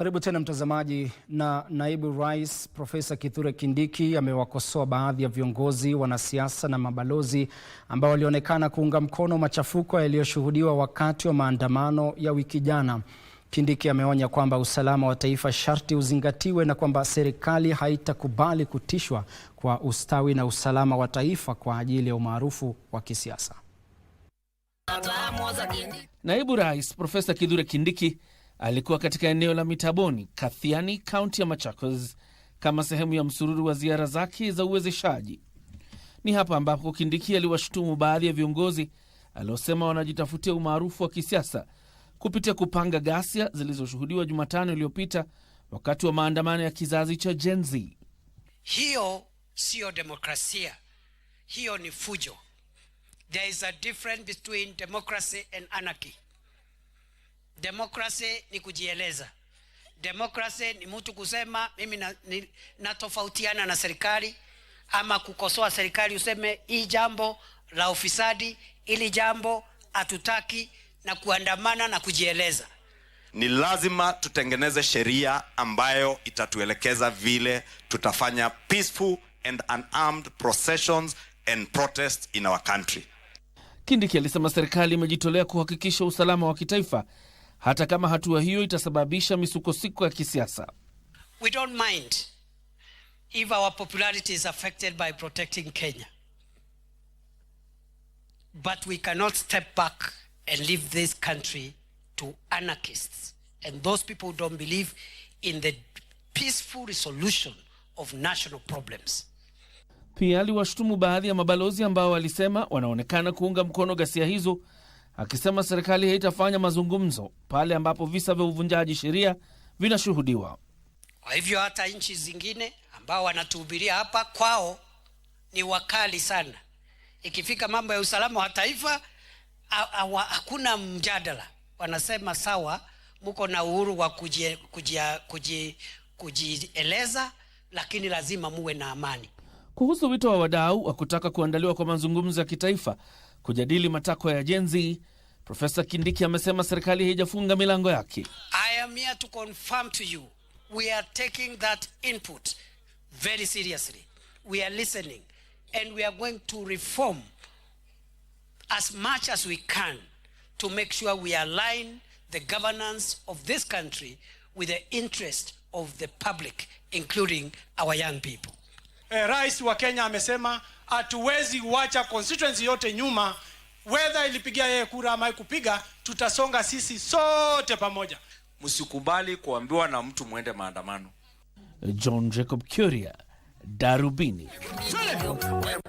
Karibu tena mtazamaji. Na naibu rais Profesa Kithure Kindiki amewakosoa baadhi ya viongozi, wanasiasa na mabalozi ambao walionekana kuunga mkono machafuko yaliyoshuhudiwa wakati wa maandamano ya wiki jana. Kindiki ameonya kwamba usalama wa taifa sharti uzingatiwe na kwamba serikali haitakubali kutishwa kwa ustawi na usalama wa taifa kwa ajili ya umaarufu wa kisiasa. Naibu rais Profesa Kithure Kindiki alikuwa katika eneo la Mitaboni, Kathiani, kaunti ya Machakos, kama sehemu ya msururu wa ziara zake za uwezeshaji. Ni hapa ambapo Kindiki aliwashutumu baadhi ya viongozi aliosema wanajitafutia umaarufu wa kisiasa kupitia kupanga ghasia zilizoshuhudiwa Jumatano iliyopita wakati wa maandamano ya kizazi cha Gen Z. Hiyo siyo demokrasia, hiyo ni fujo. There is a difference between democracy and anarchy. Demokrasi ni kujieleza. Demokrasi ni mtu kusema mimi na, ni, natofautiana na serikali ama kukosoa serikali, useme hii jambo la ufisadi, ili jambo hatutaki, na kuandamana na kujieleza. Ni lazima tutengeneze sheria ambayo itatuelekeza vile tutafanya peaceful and unarmed processions and protests in our country. Kindiki alisema serikali imejitolea kuhakikisha usalama wa kitaifa hata kama hatua hiyo itasababisha misukosuko ya kisiasa. We don't mind if our popularity is affected by protecting Kenya. But we cannot step back and leave this country to anarchists and those people who don't believe in the peaceful resolution of national problems. Pia aliwashutumu baadhi ya mabalozi ambao walisema wanaonekana kuunga mkono ghasia hizo akisema serikali haitafanya mazungumzo pale ambapo visa vya uvunjaji sheria vinashuhudiwa. Kwa hivyo hata nchi zingine ambao wanatuhubiria hapa kwao ni wakali sana. Ikifika mambo ya usalama wa taifa hakuna mjadala, wanasema sawa, muko na uhuru wa kujieleza, kuji, kuji, kuji, lakini lazima muwe na amani kuhusu wito wa wadau wa kutaka kuandaliwa kwa mazungumzo ya kitaifa kujadili matakwa ya jenzi, Profesa Kindiki amesema serikali haijafunga milango yake. I am here to confirm to you we are taking that input very seriously. We are listening and we are going to reform as much as we can to make sure we align the governance of this country with the interest of the public including our young people eh, rais wa Kenya amesema hatuwezi wacha constituency yote nyuma, whether ilipigia yeye kura ama kupiga tutasonga sisi sote pamoja. Msikubali kuambiwa na mtu mwende maandamano. John Jacob curia Darubini.